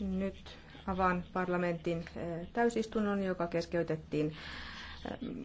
Nyt avaan parlamentin eh, täysistunnon, joka keskeytettiin eh,